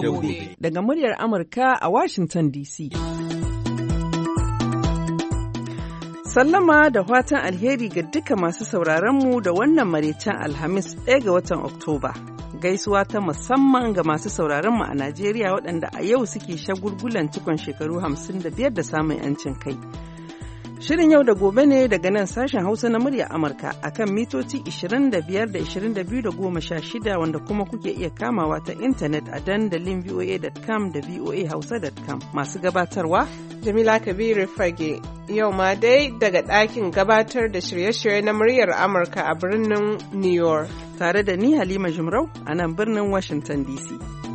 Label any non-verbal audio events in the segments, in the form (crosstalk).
gobe. Daga muryar Amurka a Washington DC. Sallama da fatan alheri ga duka masu sauraronmu da wannan maraicen Alhamis 1 ga watan Oktoba. Gaisuwa ta musamman ga masu sauraronmu a Najeriya waɗanda a yau suke shagulgulan cikon shekaru 55 da samun 'yancin kai. Shirin yau da gobe ne daga nan sashen Hausa na murya Amurka a kan mitoci 25 da 22 da shida wanda kuma kuke iya kamawa ta intanet a dandalin voa.com da voahausa.com masu gabatarwa. Jamila Kabiru Fage yau ma dai daga ɗakin gabatar da shirye-shirye na muryar Amurka a birnin New York. Tare da ni Halima Jumrau a nan birnin Washington DC.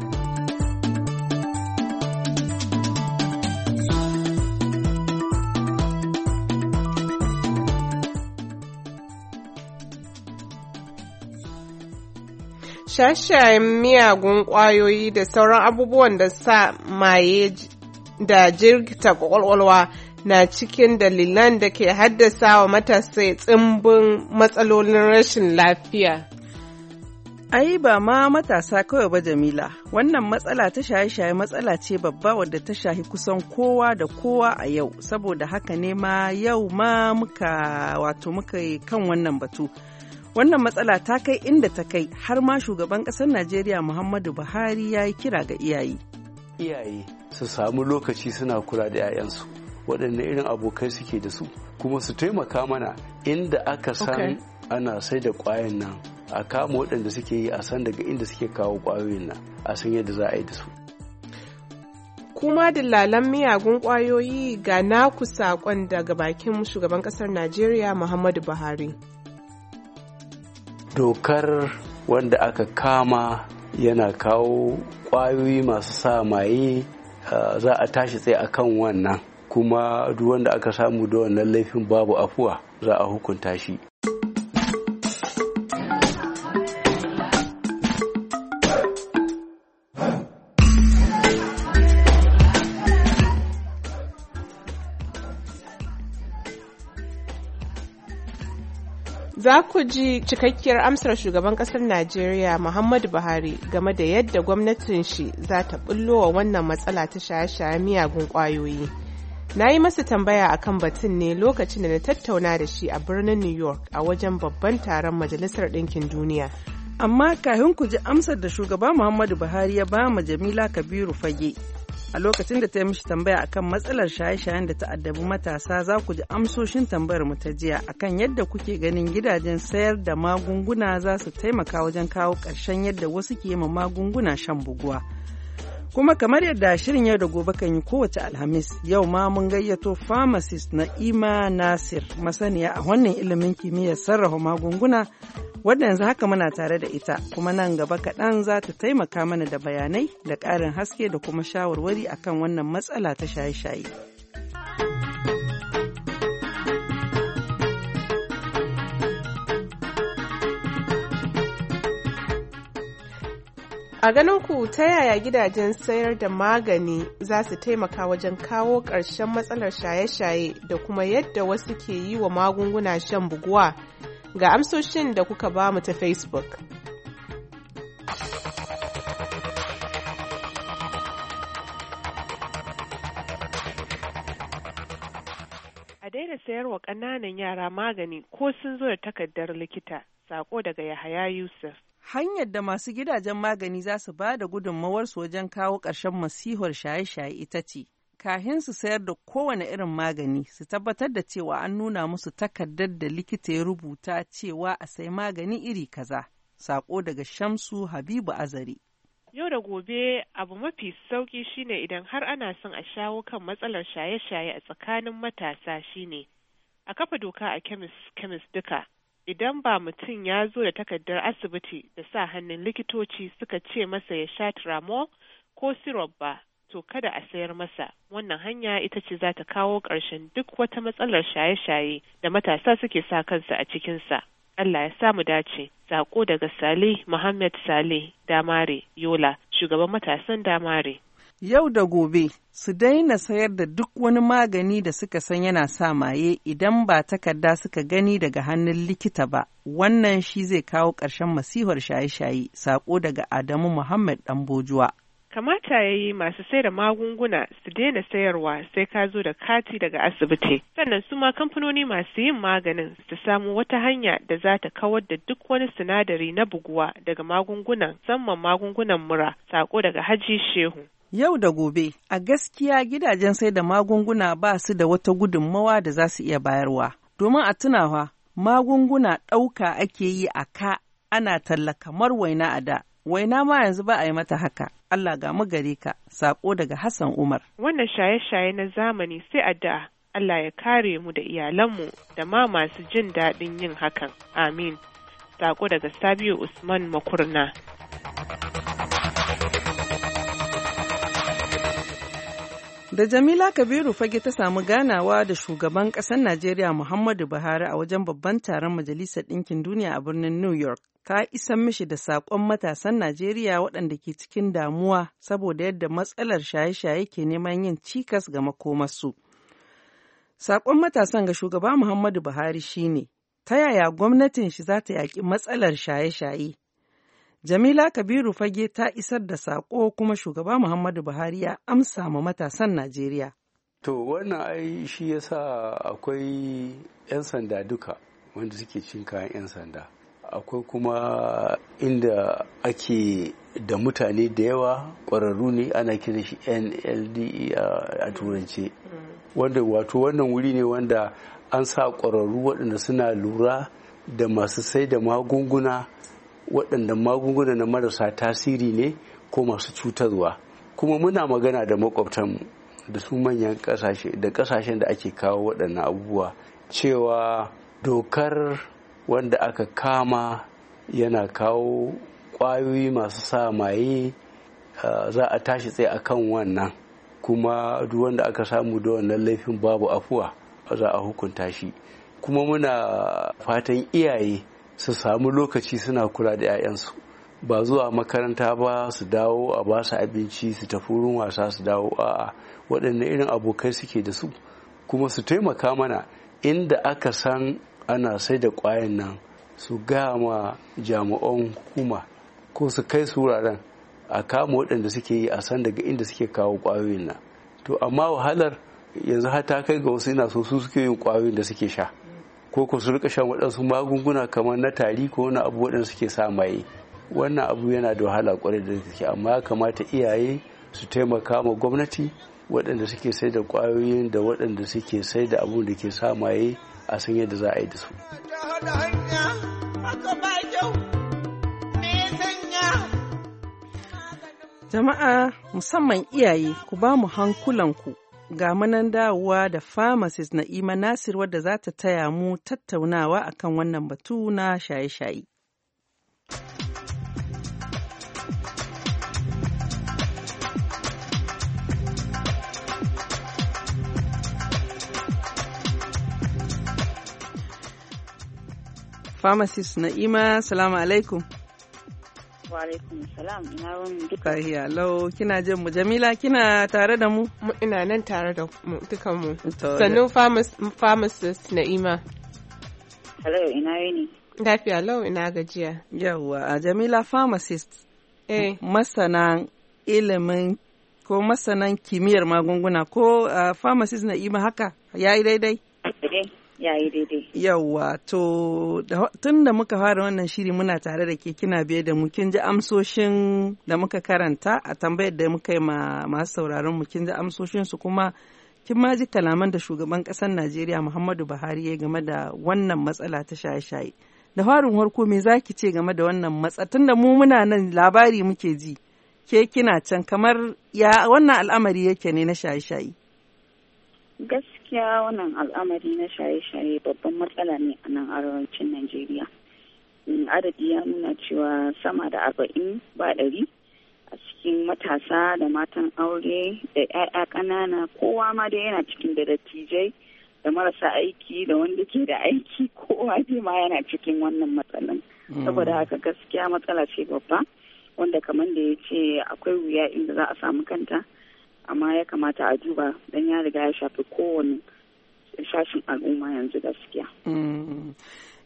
Shashayen miyagun kwayoyi da sauran abubuwan da sa maye da jirgita kwakwalwa na cikin dalilan da ke haddasa wa matasa tsimbin matsalolin rashin lafiya. Ai ba ma matasa kawai ba Jamila, wannan matsala ta shaye-shaye matsala ce babba wadda ta shahi kusan kowa da kowa a yau, saboda haka ne ma yau ma muka wato muka kan wannan batu. Wannan matsala ta kai inda ta kai har ma shugaban ƙasar Najeriya Muhammadu Buhari ya yi kira ga iyaye. Iyaye su samu lokaci suna kula da 'ya'yansu waɗanne irin abokai suke da su kuma su taimaka mana inda aka san ana sai da ƙwayan nan a kama waɗanda suke yi a san daga inda suke kawo ƙwayoyin nan a san yadda za a yi da su. kuma dillalan miyagun ƙwayoyi ga naku saƙon daga bakin shugaban ƙasar najeriya muhammadu buhari dokar wanda aka kama yana kawo ƙwayoyi masu sa maye za a tashi tsaye a kan wannan kuma duk wanda aka samu da wannan laifin babu afuwa za a hukunta shi Za ku ji cikakkiyar amsar shugaban ƙasar Najeriya Muhammadu Buhari game da yadda gwamnatin shi za ta wa wannan matsala ta shaye-shaye miyagun ƙwayoyi. Na yi masa tambaya a kan batun ne lokacin da na tattauna da shi a birnin New York a wajen babban taron Majalisar Ɗinkin Duniya. Amma kafin ku ji amsar da shugaba Muhammadu Buhari ya ba ma Jamila Kabiru Fage, a lokacin da ta yi mishi tambaya akan matsalar shaye-shayen da ta addabi matasa za ku ji amsoshin tambayar mu ta jiya akan yadda kuke ganin gidajen sayar da magunguna za su taimaka wajen kawo ƙarshen yadda wasu ke ma magunguna shan buguwa. Kuma kamar yadda shirin yau da gobe kan yi kowace Alhamis, yau ma mun gayyato pharmacist na Ima Nasir, masaniya a wannan ilimin kimiyyar sarrafa magunguna, wadda yanzu haka muna tare da ita, kuma nan gaba kaɗan za ta taimaka mana da bayanai da ƙarin haske da kuma shawarwari akan wannan matsala ta shaye-shaye. A ganin ku ta yaya gidajen sayar da magani za su taimaka wajen kawo ƙarshen matsalar shaye-shaye da kuma yadda wasu ke yi wa magunguna shan buguwa ga amsoshin da kuka ba mu ta Facebook. A daina sayarwa ƙananan yara magani ko sun zo da takardar likita, sako daga Yahaya Yusuf. hanyar da masu gidajen magani za su ba da su wajen kawo ƙarshen masihar shaye-shaye ita ce kahin su sayar da kowane irin magani su tabbatar da cewa an nuna musu takardar da likita ya rubuta cewa a sai magani iri kaza sako daga shamsu habibu azari yau da gobe abu mafi sauki shine idan har ana son a shawo kan matsalar shaye-shaye a tsakanin matasa shine a kafa doka a kemis kemis duka idan ba mutum ya zo da takardar asibiti da sa hannun likitoci suka ce masa ya sha tramol ko sirop ba to kada a sayar masa wannan hanya ita ce za ta kawo ƙarshen duk wata matsalar shaye-shaye da matasa suke sa kansa a cikinsa Allah ya samu dace sako daga salih Muhammad Saleh Damare Yola shugaban matasan Damare yau da gobe su daina sayar da duk wani magani da suka san yana sa maye idan ba takarda suka gani daga hannun likita ba wannan shi zai kawo ƙarshen masihar shaye-shaye sako daga adamu muhammad bojuwa kamata ya yi masu sai da magunguna su daina sayarwa sai ka zo da kati daga asibiti sannan su ma kamfanoni masu yin maganin su samu wata hanya da za ta kawar da duk wani sinadari na buguwa daga magungunan musamman magungunan mura sako daga haji shehu Yau da gobe, a gaskiya gidajen sai da magunguna ba su da wata gudunmawa da za su iya bayarwa. Domin a tunawa, magunguna ɗauka ake yi a ka ana talla kamar waina a da. Waina ma yanzu ba a yi mata haka. Allah ga mu gare ka, sako daga Hassan Umar. Wannan shaye-shaye na zamani sai a da Allah ya kare mu da iyalanmu da ma masu jin daɗin yin hakan. Amin. Sako daga Sabiu Usman Makurna. Da Jamila Kabiru fage ta samu ganawa da shugaban ƙasar Najeriya Muhammadu Buhari a wajen babban taron Majalisar Ɗinkin Duniya a birnin New York. Ta isa mishi da saƙon matasan Najeriya waɗanda ke cikin damuwa saboda yadda matsalar shaye-shaye ke neman yin cikas ga makomarsu. Saƙon matasan ga shugaba Muhammadu Buhari shine ta yaya gwamnatin shi za ta yaƙi matsalar shaye-shaye Jamila Kabiru fage ta isar da saƙo kuma shugaba Muhammadu Buhari ya amsa ma matasan Najeriya. To wannan ai shi yasa akwai 'yan sanda duka wanda suke cin kayan 'yan sanda. Akwai kuma inda ake da mutane da yawa ƙwararru ne ana kira shi NLDE a turance. Wanda wato wannan wuri ne wanda an sa ƙwararru waɗanda suna lura da masu sai da magunguna waɗanda magunguna na marasa tasiri ne ko masu cutarwa kuma muna magana da makwabtanmu da su manyan ƙasashe da ƙasashen da ake kawo waɗannan abubuwa cewa dokar wanda aka kama yana kawo ƙwayoyi masu sa maye za a tashi tsaye kan wannan kuma duk wanda aka samu da wannan laifin babu afuwa za a hukunta shi kuma muna fatan iyaye su samu lokaci suna kula da 'ya'yansu ba zuwa makaranta ba su dawo a ba su abinci su tafi wurin wasa su dawo a'a waɗanne irin abokai suke da su kuma su taimaka mana inda aka san ana sai da ƙwayan nan su gama jami'an hukuma ko su kai su wuraren a kama waɗanda suke yi a san daga inda suke kawo ƙwayoyin nan to amma wahalar yanzu har ta kai ga wasu ina so su suke yin ƙwayoyin da suke sha ko ku su rika shan waɗansu magunguna kamar na tari ko wani abu waɗanda suke sa maye wannan abu yana da wahala kwarai da gaske amma ya kamata iyaye su taimaka ma gwamnati waɗanda suke sai da ƙwayoyin da waɗanda suke sai da abu da ke sa maye a san yadda za a yi da su. Jama'a musamman iyaye ku ba mu hankulanku ga manan dawowa da pharmacist Na'ima Nasir wadda za ta taya mu tattaunawa akan wannan batu na shaye-shaye. Pharmacist Na'ima, salamu alaikum. Wa alaikum salam ina kina jin mu Jamila kina tare da mu? Ina nan tare da mu dukan mu. Sannu pharmacist Na'ima. Hello ina yini. Lafiya lau ina gajiya. Yawwa a Jamila pharmacist. Eh. Masana ilimin ko masanan kimiyyar magunguna ko pharmacist Na'ima haka ya yi daidai? ya daidai yawa to tun da muka fara wannan shiri muna tare da ke kina biye da mu kin ji amsoshin da muka karanta a tambayar da muka yi ma masu sauraron mu kin ji amsoshin su kuma kin ma ji kalaman da shugaban ƙasar Najeriya Muhammadu Buhari ya game da wannan matsala ta shaye-shaye. Da farin harko me za ki ce game da wannan matsa tun da mu muna nan labari muke ji ke kina can kamar ya wannan al'amari yake ne na shaye-shaye. gaskiya wannan al'amari na shaye-shaye babban matsala ne a nan arewacin najeriya mm, adadi ya nuna cewa sama da arba'in ba ɗari a cikin matasa da matan aure da 'ya'ya ƙanana kowa ma dai yana cikin da dattijai da marasa aiki da wanda ke da aiki (laughs) kowa dai ma yana cikin wannan matsalan mm. saboda haka gaskiya matsala ce babba wanda kamar da ya ce akwai wuya inda za a samu kanta. amma ya kamata a duba dan ya riga ya shafi kowane shashin al'umma yanzu gaskiya. Mm.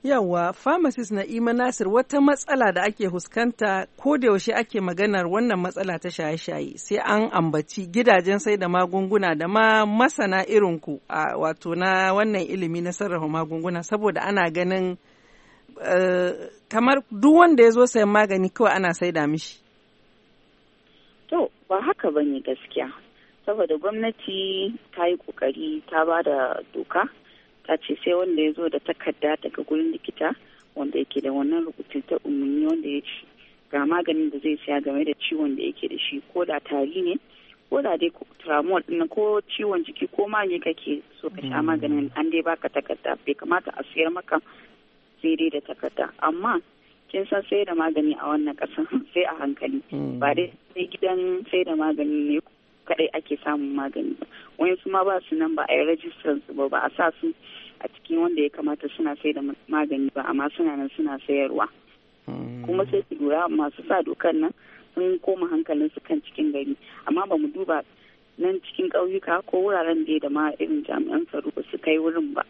Yawwa, pharmacist Na'ima Nasir wata matsala da ake huskanta ko da yaushe ake maganar wannan matsala ta shaye-shaye sai an ambaci gidajen sai da magunguna da ma masana irinku a wato na wannan ilimi na sarrafa magunguna saboda ana ganin eh, kamar duk wanda ya zo sayan magani kawai ana saida mishi. To, ba haka ba gaskiya. saboda gwamnati ta yi kokari ta ba da doka ta ce sai wanda ya zo da takarda daga gurin likita wanda yake da wannan rubutun ta umarni wanda ya ci ga maganin da zai siya game da ciwon da yake da shi ko da tari ne ko da dai tramol din ko ciwon jiki ko ma ne kake so ka sha mm. maganin an dai baka takarda bai kamata a siyar maka sai dai da takarda amma kin san sai da magani a wannan kasan (laughs) sai a hankali mm. ba dai sai gidan sai da magani ne kadai ake samun magani su ma ba su nan ba a yi rajistar su ba ba a sa su a cikin wanda ya kamata suna sai da magani ba amma suna nan suna sayarwa hmm. kuma sai su lura masu sa dokar nan sun koma hankalin su kan cikin gari amma ba mu duba nan cikin ƙauyuka ko wuraren da da ma irin jami'an tsaro ba su kai wurin ba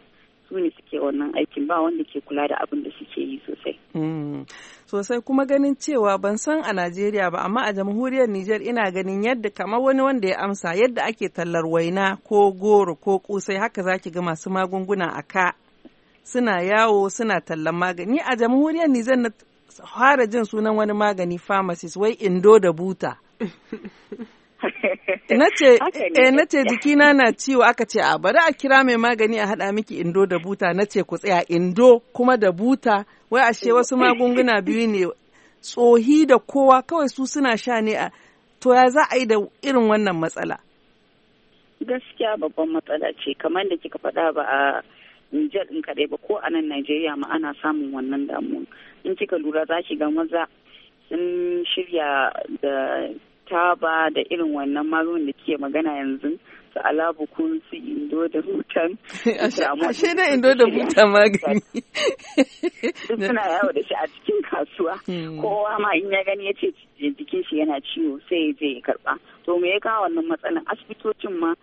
su ne suke wannan aikin ba wanda ke kula da abin da suke yi sosai. Hmm. Sosai kuma ganin cewa ban san a Najeriya ba amma a jamhuriyar Nijar ina ganin yadda kamar wani wanda ya amsa yadda ake tallar waina ko goro ko kusai haka zaki ga masu magunguna a ka suna yawo suna tallan magani a jamhuriyar Nijar na fara jin sunan wani magani pharmacist wai indo da buta. (laughs) (laughs) na ce eh, jikina na ciwo aka ce a bari a kira mai magani a hada miki indo da buta na ce ku tsaya indo kuma da buta wai ashe wasu magunguna biyu ne tsohi da kowa kawai su suna sha ne a to ya za a yi da irin wannan matsala gaskiya babban matsala ce kamar da kika faɗa ba a Nijar in kaɗai ba ko a nan Najeriya ma ana samun wannan damuwa in kika lura za ki ga maza sun shirya da ta ba da irin wannan magungunan da ke magana yanzu su kun su indo da hutan (laughs) ashe na indo da hutan magani (laughs) suna yawo da shi a cikin kasuwa hmm. kowa ma in ya gani ya ce jikin shi yana ciwo sai ya je ya karba to me ya kawo wannan matsalan asibitocin ma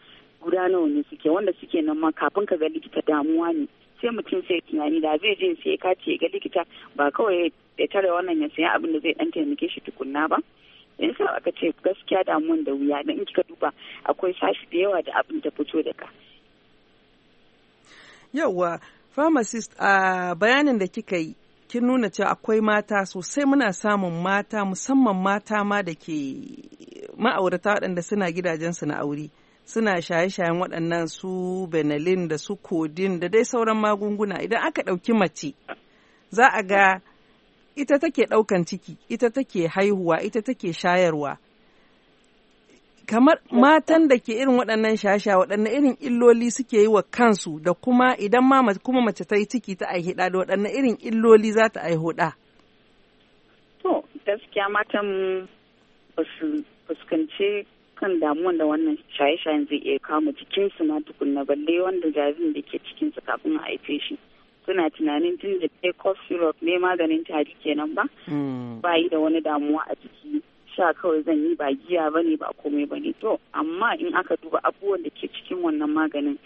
guda nawa ne suke wanda suke nan ma kafin ka ga likita damuwa ne sai mutum sai tunani da zai je sai ka ya ga likita ba kawai ya tare wannan ya sayi abin da zai dan taimake shi tukunna ba sa aka ce gaskiya damuwan da wuya na in kika duba akwai sashi da yawa da abin ta fito daga yawa pharmacist a bayanin da kika yi kin nuna cewa akwai mata sosai muna samun mata musamman mata ma da ke ma'aurata waɗanda suna gidajensu na aure suna shaye-shayen waɗannan su benelin da su kodin da dai sauran magunguna idan aka ɗauki mace za a ga ita take ɗaukan ciki ita take haihuwa ita take shayarwa kamar matan da ke irin waɗannan shasha waɗanne irin illoli suke yi wa kansu da kuma idan ma kuma mace ta yi ciki ta aihi da waɗanne irin illoli za ta aiho ɗa. To gaskiya matan ba su fuskanci kan damuwan da wannan shaye-shayen zai iya kama jikinsu ma tukunna balle wanda jaririn da ke cikinsu kafin a haife shi. suna tunanin tun da ke syrup ne maganin tari kenan ba hmm. ba yi da wani damuwa a jiki sha kawai zan yi ba giya ba ne ba komai ba ne to amma in aka duba abubuwan da ke cikin wannan maganin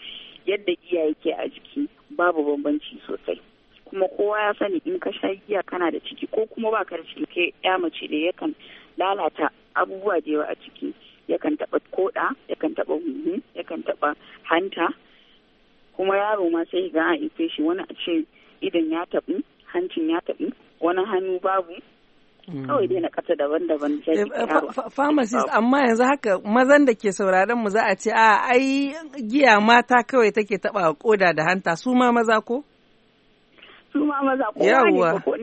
yadda giya yake a jiki babu bambanci sosai kuma kowa ya sani in ka sha giya kana da ciki ko kuma baka da ciki ke ya mace da yakan lalata abubuwa da yawa a ciki yakan taba koda yakan taba huhu yakan taba hanta kuma yaro ma sai ga a ife shi wani a ce idan ya taɓi hancin ya taɓi wani hannu babu mm. kawai dai na kasa daban-daban eh, eh, pharmacist amma yanzu haka mazan da ke sauraron mu za a ce a ai giya mata kawai take taba koda da hanta su ma maza ko su ma maza ko ne ko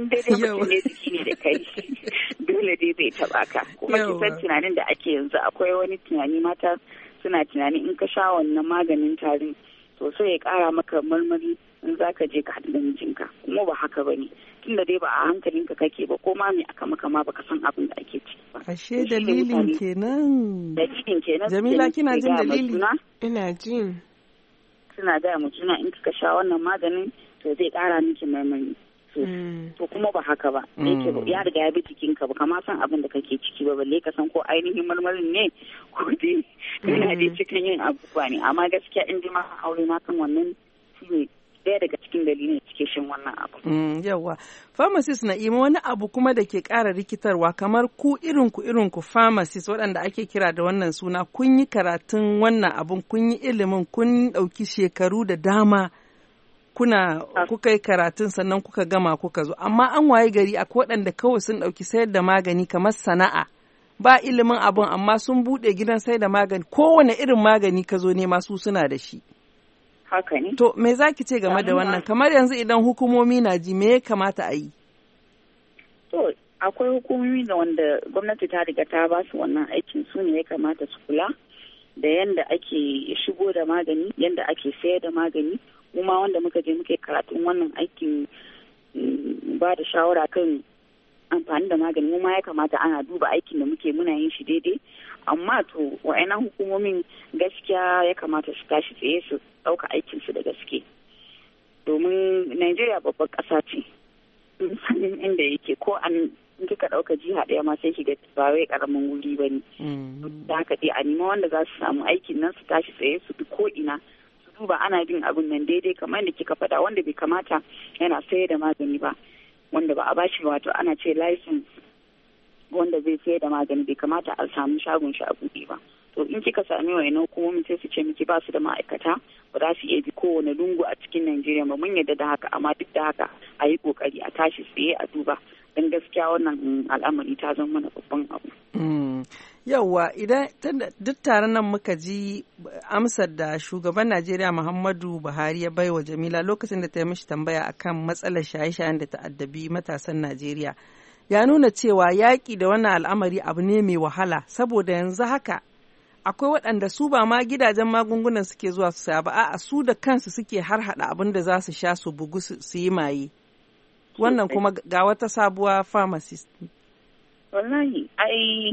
dai ne ne da kai (laughs) dole dai bai taba ka kuma kisan tunanin da ake yanzu akwai wani tunani mata suna tunani in ka sha wannan maganin tarin so sai ya kara maka marmari in za ka je ka haɗu da mijinka kuma ba haka ba ne tunda dai ba a hankalinka kake ba ko ma me aka maka ma baka san abin da ake ciki ba ashe dalilin kenan dalilin kenan jamila kina jin dalili ina jin suna gaya mu juna in kika sha wannan maganin to zai kara miki marmari so mm. to kuma ba haka ba mm. ya riga ya bi cikin ka ba ma san abin da kake ciki ba balle ka san ko ainihin marmarin ne ko dai kana dai mm. cikin yin abubuwa ne amma gaskiya in dai ma aure na kan wannan shine daya daga cikin dalilin cike shin wannan abu. yawa pharmacist Na'ima wani abu kuma da ke ƙara rikitarwa kamar ku irin ku irin ku pharmacist waɗanda ake kira da wannan suna kun yi karatun wannan abun kun yi ilimin kun ɗauki shekaru da dama. kuna ah. kuka yi karatun sannan kuka gama kuka zo amma an waye gari akwai waɗanda kawai sun ɗauki sayar da magani kamar sana'a ba ilimin abin amma sun buɗe gidan sayar da magani kowane irin magani ka zo nema su suna da shi haka ne to me zaki ce game da wannan kamar yanzu idan hukumomi na ji me ya kamata a yi to akwai hukumomi da wanda gwamnati ta riga ta ba su wannan aikin su ne ya kamata su kula da yanda ake shigo da magani yanda ake sayar da magani kuma wanda muka je muke karatun wannan aikin mm, ba da shawara kan amfani da magani mu ma ya kamata ana duba aikin da muke muna yin shi daidai amma to wa'annan hukumomin gaskiya ya kamata su tashi tsaye su ɗauka aikin su da gaske domin Najeriya babbar ƙasa ce sanin inda yake ko an kika ɗauka jiha ɗaya ma sai shiga ba wai ƙaramin wuri ba ne mm. da haka dai a nima wanda za su samu aikin nan su tashi tsaye su bi ko ina duba ana bin abin nan daidai kamar da kika faɗa wanda bai kamata yana sayar da magani ba wanda ba a bashi wato ana ce license wanda zai sayar da magani bai kamata a samu shagon shi a buɗe ba to in kika sami wayannan hukumomi sai su ce miki ba su da ma'aikata ba za su iya bi kowane lungu a cikin Najeriya ba mun yadda da haka amma duk da haka a yi kokari a tashi tsaye a duba dan gaskiya wannan al'amari ta zama mana babban abu. Mm. Yawwa idan duk tare nan muka ji amsar da shugaban Najeriya Muhammadu Buhari ya baiwa Jamila lokacin da ta yi mishi tambaya akan matsalar shaye-shayen da ta'addabi matasan Najeriya. Ya nuna cewa yaƙi da wannan al'amari abu ne mai wahala saboda yanzu haka akwai waɗanda su ba ma gidajen magungunan suke zuwa su saya ba a'a su da kansu suke har haɗa abin da za su sha su bugu su yi maye wannan kuma ga wata sabuwa pharmacist wallahi ai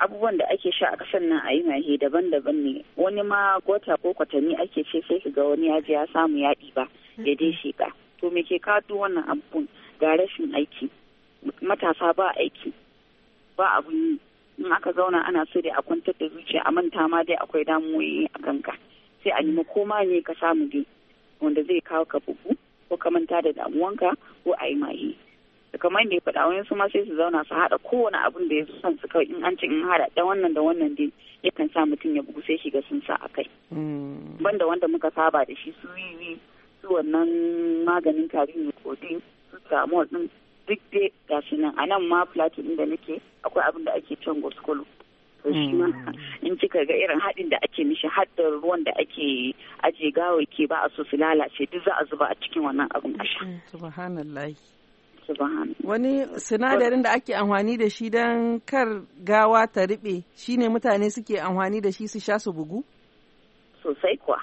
abubuwan da ake sha a kasar nan a yi mahe daban-daban ne wani ma gota ko kwatanni ake ce sai ga wani ya ji ya samu yaɗi ba ya dai shiga to me ke kado wannan abubuwan ga rashin aiki matasa ba aiki ba abun yi in aka zauna ana so dai a kwantar da zuciya a manta ma dai akwai damuwoyi a kanka sai a nemi koma ne ka samu dai wanda zai kawo ka bugu ko ka manta da damuwanka ko a yi mahe kamar ne faɗa wani su ma sai su zauna su haɗa kowane abun da ya zo su kawai in an ci in haɗa da wannan da wannan dai yakan sa mutum ya bugu sai shiga sun sa a kai. Mm. Banda wanda muka saba da shi su yi su wannan maganin tari kodi su tramol din duk dai ga su nan a nan ma platin inda nake akwai abin da ake can goskolo. to mm. in kika ga irin haɗin da ake mishi haɗin ruwan da ake aje gawa ke ba a so su lalace duk za a zuba a cikin wannan abin a sha. Mm, hannu. wani sinadarin da ake amfani da shi don kar gawa ta riɓe ne mutane suke amfani da shi su sha su bugu sosai kuwa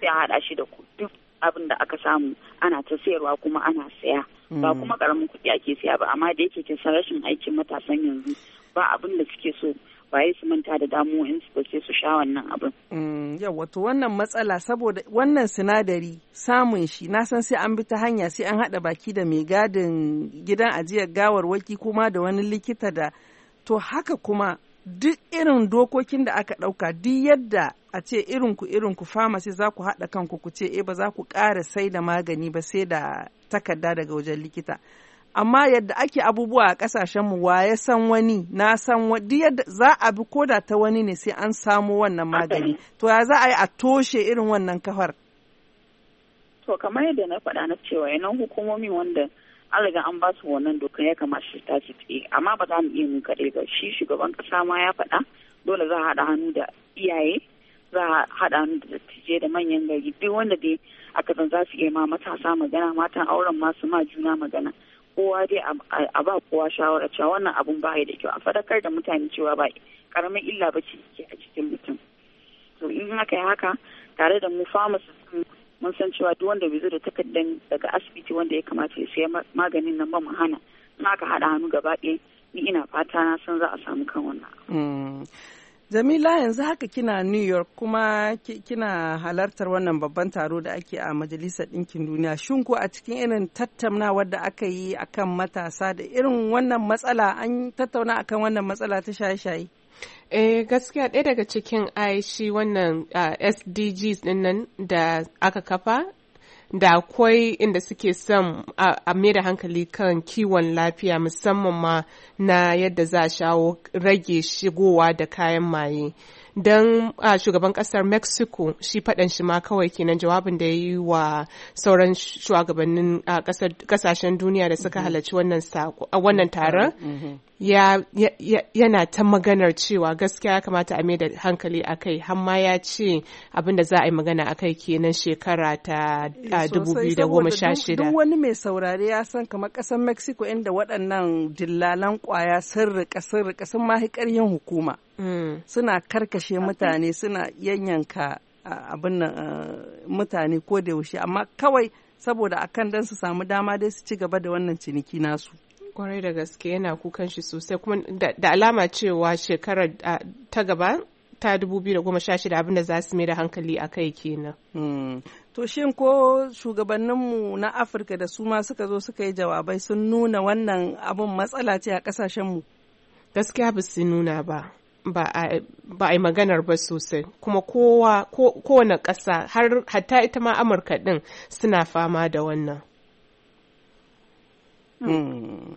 sai haɗa shi da duk abin da aka samu ana ta sayarwa kuma ana saya ba mm. kuma ƙaramin kuɗi ake saya ba amma da yake kin san rashin aikin matasan yanzu ba abin da suke so waye su manta da damu in su dauke su sha wannan abin. Mm, Yau wato wannan matsala saboda wannan sinadari samun shi na san sai an bi ta hanya sai an haɗa baki da mai gadin gidan ajiyar gawar waki kuma da wani likita da to haka kuma duk irin dokokin da aka ɗauka duk yadda a ce irinku irinku famasi za ku haɗa kanku ku ce e ba za ku ƙara sai da magani ba sai da takarda daga wajen likita. amma yadda ake abubuwa a kasashenmu wa ya san wani na san wani yadda za a bi koda ta wani ne sai an samo wannan magani to ya za a yi a toshe irin wannan kafar to kamar yadda na faɗa na cewa yanan hukumomi wanda an riga an ba su wannan dokar ya kamata ta ci tsaye amma ba za mu iya mu kaɗai ba shi shugaban ƙasa ma ya faɗa dole za a haɗa hannu da iyaye za a haɗa hannu da dattijai da manyan gari duk wanda dai aka zan za su iya ma matasa magana matan auren masu ma juna magana kowa dai a ba kowa shawara cewa wannan abun ba da kyau a fadakar da mutane cewa ba karamin illa ba ce ke a cikin mutum to in haka yi haka tare da mu pharmacist mun san cewa duk wanda bai zo da takardar daga asibiti wanda ya kamata ya saya maganin nan ba mu hana in aka haɗa hannu gaba ɗaya ni ina fata na san za a samu kan wannan. Hmm. Jamila yanzu haka kina New York kuma kina halartar wannan babban taro da ake a Majalisar Ɗinkin Duniya. Shin ko a cikin irin tattauna wadda aka yi akan matasa da irin wannan matsala an tattauna akan wannan matsala ta shaye-shaye? Eh gaskiya ɗaya daga cikin ai shi wannan ah, SDGs ɗin da aka kafa da akwai inda suke son a mai da hankali kan kiwon lafiya musamman ma na yadda za a shawo rage shigowa da kayan maye don ah, shugaban kasar mexico shi faɗan shi ma kawai kenan jawabin da ya yi wa sauran shugabannin kasashen ah, duniya da suka mm-hmm. halarci wannan ah, taron mm-hmm. yana ta maganar cewa gaskiya ya kamata a da hankali a kai hamma ya ce abinda za a yi magana a kai kenan shekara ta 2016 eh, duk wani mai saurari ya san kamar kasar mexico inda waɗannan dillalan kwaya sun rika sun rika hukuma Mm. suna karkashe mutane suna yanyanka abin mutane ko da yaushe amma kawai saboda akan dan su samu dama dai su ci gaba da wannan ciniki nasu kwarai da gaske yana kukan shi sosai kuma da alama cewa shekarar ta gaba ta 2016 abinda za su mai da hankali a kai kenan. Hmm. To shin ko shugabanninmu na Afirka da su ma suka zo suka yi jawabai sun nuna wannan abin matsala ce a kasashenmu? Gaskiya ba su nuna ba. ba a yi maganar ba sosai kuma kowa kowane ƙasa har hatta ita ma amurka din suna fama da wannan hmm.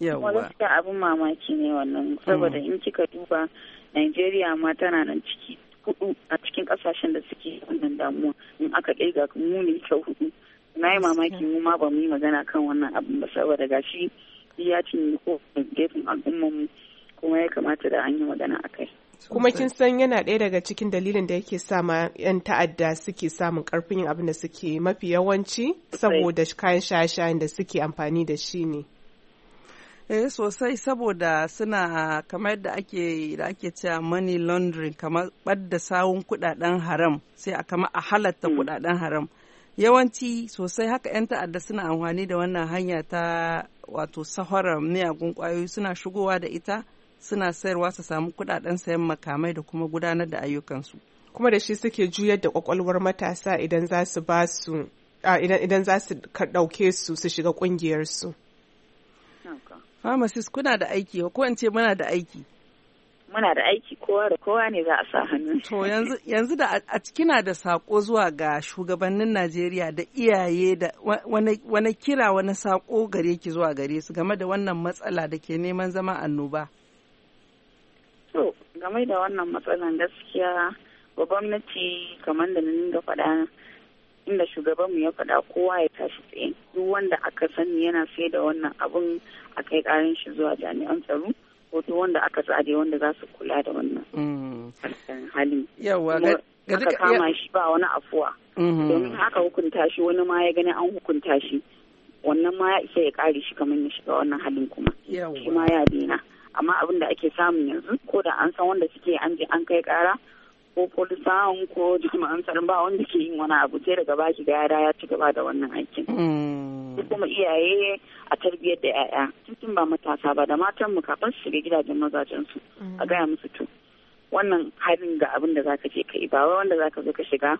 yawwa abin mamaki ne wannan hmm. saboda in kika duba nigeria ma tana nan ciki hudu a cikin kasashen da suke wannan damuwa in aka kirga mu ne kyau hudu na yi mamaki mu ma ba mu yi magana kan wannan abin ba saboda gashi ya cinye ko gefen al'ummar kuma ya kamata da an yi magana a kai. kuma kin san yana ɗaya daga cikin dalilin da yake sa ma 'yan ta'adda suke samun ƙarfin yin abin da suke mafi yawanci saboda kayan shaye shaye da suke amfani da shi ne. eh sosai saboda suna kamar da ake da ake cewa money laundering kamar ɓadda sawun kudaden haram sai a kama a halatta hmm. kudaden haram yawanci sosai haka 'yan ta'adda suna amfani da wannan hanya ta wato saharar miyagun kwayoyi suna shigowa da ita suna sayarwa su samu kudaden sayan makamai da kuma gudanar da ayyukansu kuma da shi suke juyar da kwakwalwar matasa idan za su ba su idan za su ɗauke su su shiga ƙungiyarsu. Pharmacist kuna da aiki ko in ce muna da aiki. Muna da aiki kowa da kowa ne za a sa hannu. To yanzu da a cikina da sako zuwa ga shugabannin Najeriya da iyaye da wani kira wani sako gare ki zuwa gare su game da wannan matsala da ke neman zama annoba. So, game da wannan matsalan gaskiya ba gwamnati kamar da nan da faɗa inda shugabanmu ya faɗa kowa ya tashi tsaye duk wanda aka sani yana sai da wannan abun a kai ƙarin shi zuwa jami'an tsaro ko duk wanda aka tsare wanda za su kula da wannan mm. halin. Yawa ga aka kama shi ba wani afuwa. Mm-hmm. Domin aka hukunta shi wani ma ya gani an hukunta shi wannan ma ya isa ya kare shi kamar ya shiga wannan halin kuma. Shi ma ya daina. amma abin da ake samu yanzu ko da an san wanda suke an je an kai kara ko polisawan ko jami'an tsaron ba wanda ke yin wani abu sai daga baki ga yara ya ci gaba da wannan aikin mm. kuma iyaye a tarbiyyar da 'ya'ya tun ba matasa ba da matan mu kafin su shiga gidajen mazajen su a gaya musu to wannan halin ga abin da zaka je kai ba wai wanda zaka zo ka shiga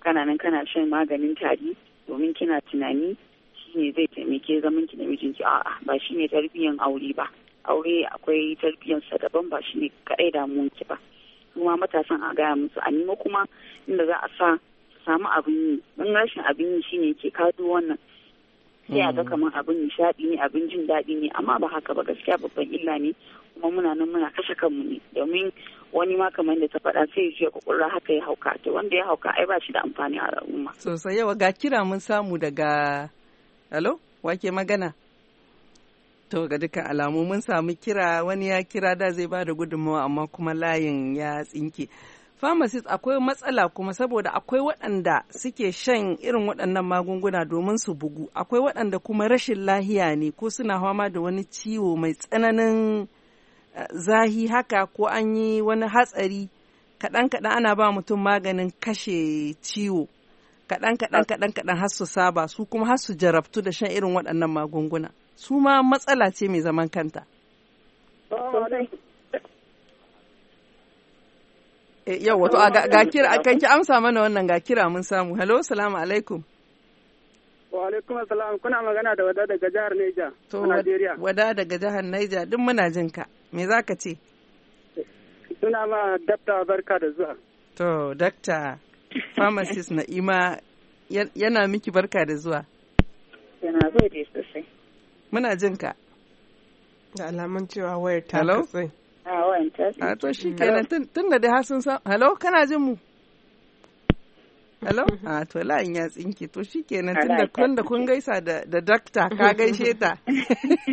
kana nan kana shan maganin tari domin kina tunani shine zai taimake zaman ki da mijinki a'a ba shine tarbiyyan aure ba aure akwai tarbiyyarsa daban ba shi ne kaɗai damuwan ki ba kuma matasan a gaya musu a nima kuma inda za a sa samu abin yi in rashin abin yi shine ke kado wannan sai a ga mm. kamar abin nishaɗi ne abin jin daɗi ne amma ba haka ba gaskiya babban illa ne kuma muna nan muna kashe kanmu ne domin wani ma kamar da ta faɗa sai ya ku kurra haka ya hauka to wanda ya hauka ai ba shi da amfani a al'umma. sosai yawa ga kira mun samu daga alo wake magana. To ga duka alamu mun samu kira wani ya kira da zai bada gudunmawa amma kuma layin ya tsinke. Pharmacist akwai matsala kuma saboda akwai waɗanda suke shan irin waɗannan magunguna domin su bugu. Akwai waɗanda kuma rashin lahiya ne ko suna fama da wani ciwo mai tsananin eh, zahi haka ko an yi wani hatsari kaɗan-kaɗan ana ba mutum maganin kashe ciwo. Kaɗan-kaɗan kaɗan-kaɗan har su saba su kuma har su jarabtu da shan irin waɗannan magunguna. su ma matsala ce mai zaman kanta. Eh, yau wato ga kira kan ki amsa mana wannan ga kira mun samu. Halo, salamu alaikum. Wa alaikum salam kuna magana da wada daga jihar Neja a Najeriya. Wada daga jihar Niger duk muna jin ka. Me za ka ce? Suna ma dakta barka da zuwa. To, dakta pharmacist Na'ima yana miki barka da zuwa. Yana gode sosai. muna jin ka da alamun cewa wayar ta hello a wayar ta katse a ah, to tun da dai hasun sa hello kana jin mu Hello? Mm-hmm. A ah, to layin ya tsinke to shi kenan tun da kun gaisa da dakta ka gaishe ta.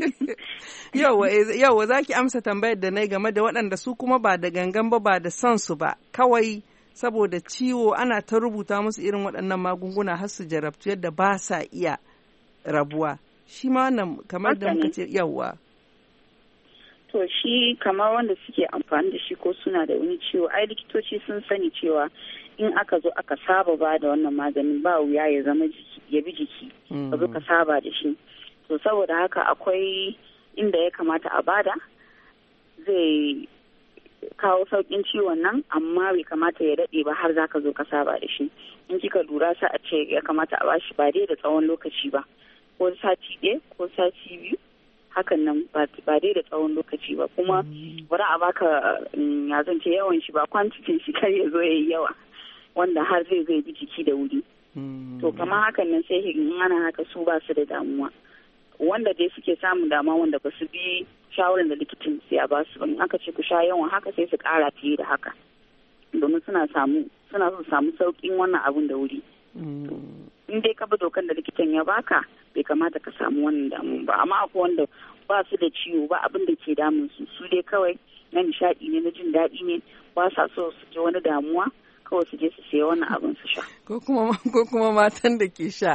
(laughs) yawa eh, yawa zaki amsa tambayar da na game da waɗanda su kuma ba da gangan ba ba da son su ba kawai saboda ciwo ana ta rubuta musu irin waɗannan magunguna har su jarabtu yadda ba sa iya rabuwa. shi ma nan kamar da muka ce yawa to shi kamar wanda suke amfani da shi ko suna da wani ciwo ai likitoci sun sani cewa in aka zo aka saba ba da wannan maganin ba wuya ya zama jiki ya bi jiki ka zo ka mm-hmm. saba da shi to saboda haka akwai inda ya kamata a bada zai kawo saukin ciwon nan amma bai kamata ya daɗe ba har za ka zo ka saba da shi in kika lura sa a ce ya kamata a bashi ba dai da tsawon lokaci ba ko sati ɗaya ko sati biyu hakan nan ba dai da tsawon lokaci ba kuma mm. bari a baka mm, ya zance yawan shi ba kwantitin shi (laughs) kar ya zo ya yi yawa wanda har zai zai bi jiki da wuri mm. to kamar hakan nan sai in ana haka su ba su da damuwa wanda dai suke samun dama wanda ba su bi shawarar da likitin su ya ba su in aka ce ku sha yawan haka sai su kara fiye da haka domin suna samu suna so samu saukin wannan abun da wuri in dai ka bi dokan da likitan ya baka bai kamata ka samu wannan damun ba amma akwai wanda ba su da ciwo ba abin da ke damun su su dai kawai na nishaɗi ne na jin daɗi ne ba sa so su ji wani damuwa kawai su je su sayi wani abin su sha. Ko kuma matan da ke sha.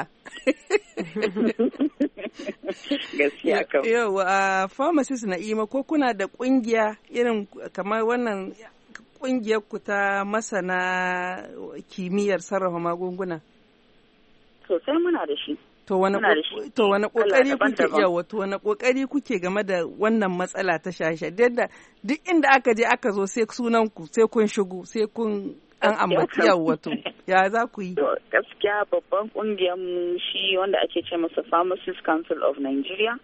Gaskiya yau a pharmacist Na'ima ko kuna da kungiya irin kamar wannan kungiyar ku ta masana kimiyyar sarrafa magunguna? Sosai muna da shi. To wani kokari kuke yawa to wani kokari kuke game da wannan matsala ta shashe da duk inda aka je aka zo sai sunan ku sai kun shigo sai kun an ambaci yawa to ya za ku yi gaskiya babban kungiyar mu shi wanda ake ce masa Pharmacist Council of Nigeria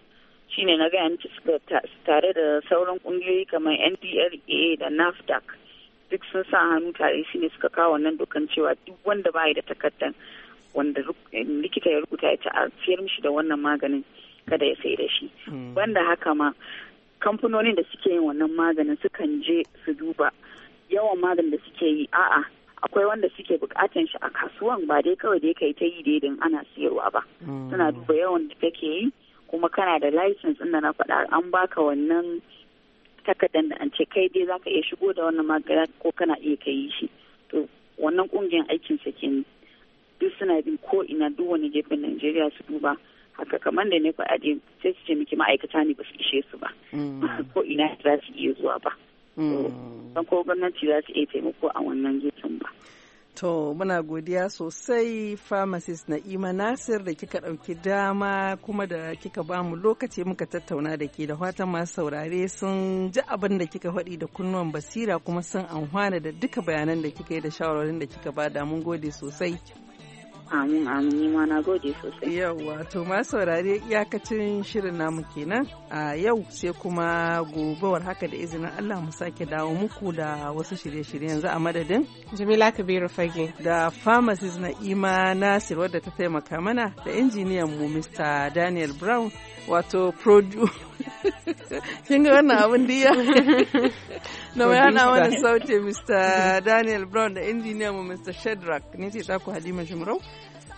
shine na ga yanci tare da sauran kungiyoyi kamar NPRA da NAFDAC duk sun sa hannu tare shine suka kawo wannan dokan cewa duk wanda bai da takardar wanda eh, likita ya rubuta ya ci a siyar mishi da wannan maganin kada ya sai da shi hmm. banda haka ma kamfanonin da suke yin wannan maganin sukan je su duba yawan maganin da suke yi a'a akwai wanda suke bukatan shi a kasuwan ba dai kawai da kai ta yi daidai ana siyarwa ba hmm. suna duba yawan da take yi kuma kana da license inda na faɗa an baka wannan takardar da an ce kai dai zaka iya shigo da wannan magana ko kana iya kai shi to wannan kungiyar aikin sa kenan duk suna bin ko ina duk wani gefen Najeriya su duba haka kamar da ne faɗi sai su ce miki ma'aikata ne ba su ishe su ba mm. (laughs) ko ina za su iya zuwa ba mm. don ko gwamnati za su iya taimako a wannan gefen ba To muna godiya sosai pharmacist Na'ima Nasir da kika ɗauki dama kuma da kika bamu lokaci muka tattauna da ke da fatan masu saurare sun ji abin da kika faɗi da kunnuwan basira kuma sun amfana da duka bayanan da kika yi da shawarwarin da kika da mun gode sosai. Amin amin ni ma na gode sosai. Yawwa to ma saurare iyakacin shirin namu kenan a yau sai kuma war haka da izinin Allah mu sake dawo muku da wasu shirye-shirye yanzu a madadin. Jamila Kabiru Fage. Da pharmacist na Ima Nasir wadda ta taimaka mana da injiniyan mu Mr. Daniel Brown. wato produ (laughs) kin ga wannan abin diya na mai hana wani sauti mr daniel brown da injiniya mu mr shedrack ne ce taku halima shimrau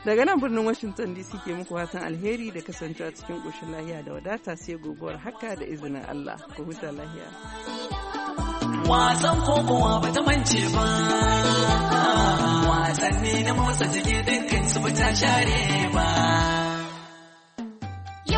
daga nan birnin washington dc ke muku fatan alheri da kasancewa cikin ƙoshin lahiya da wadata sai guguwar haka da izinin allah ku huta lahiya wasan kokowa ba ta mance ba ne na motsa dukkan su ba share ba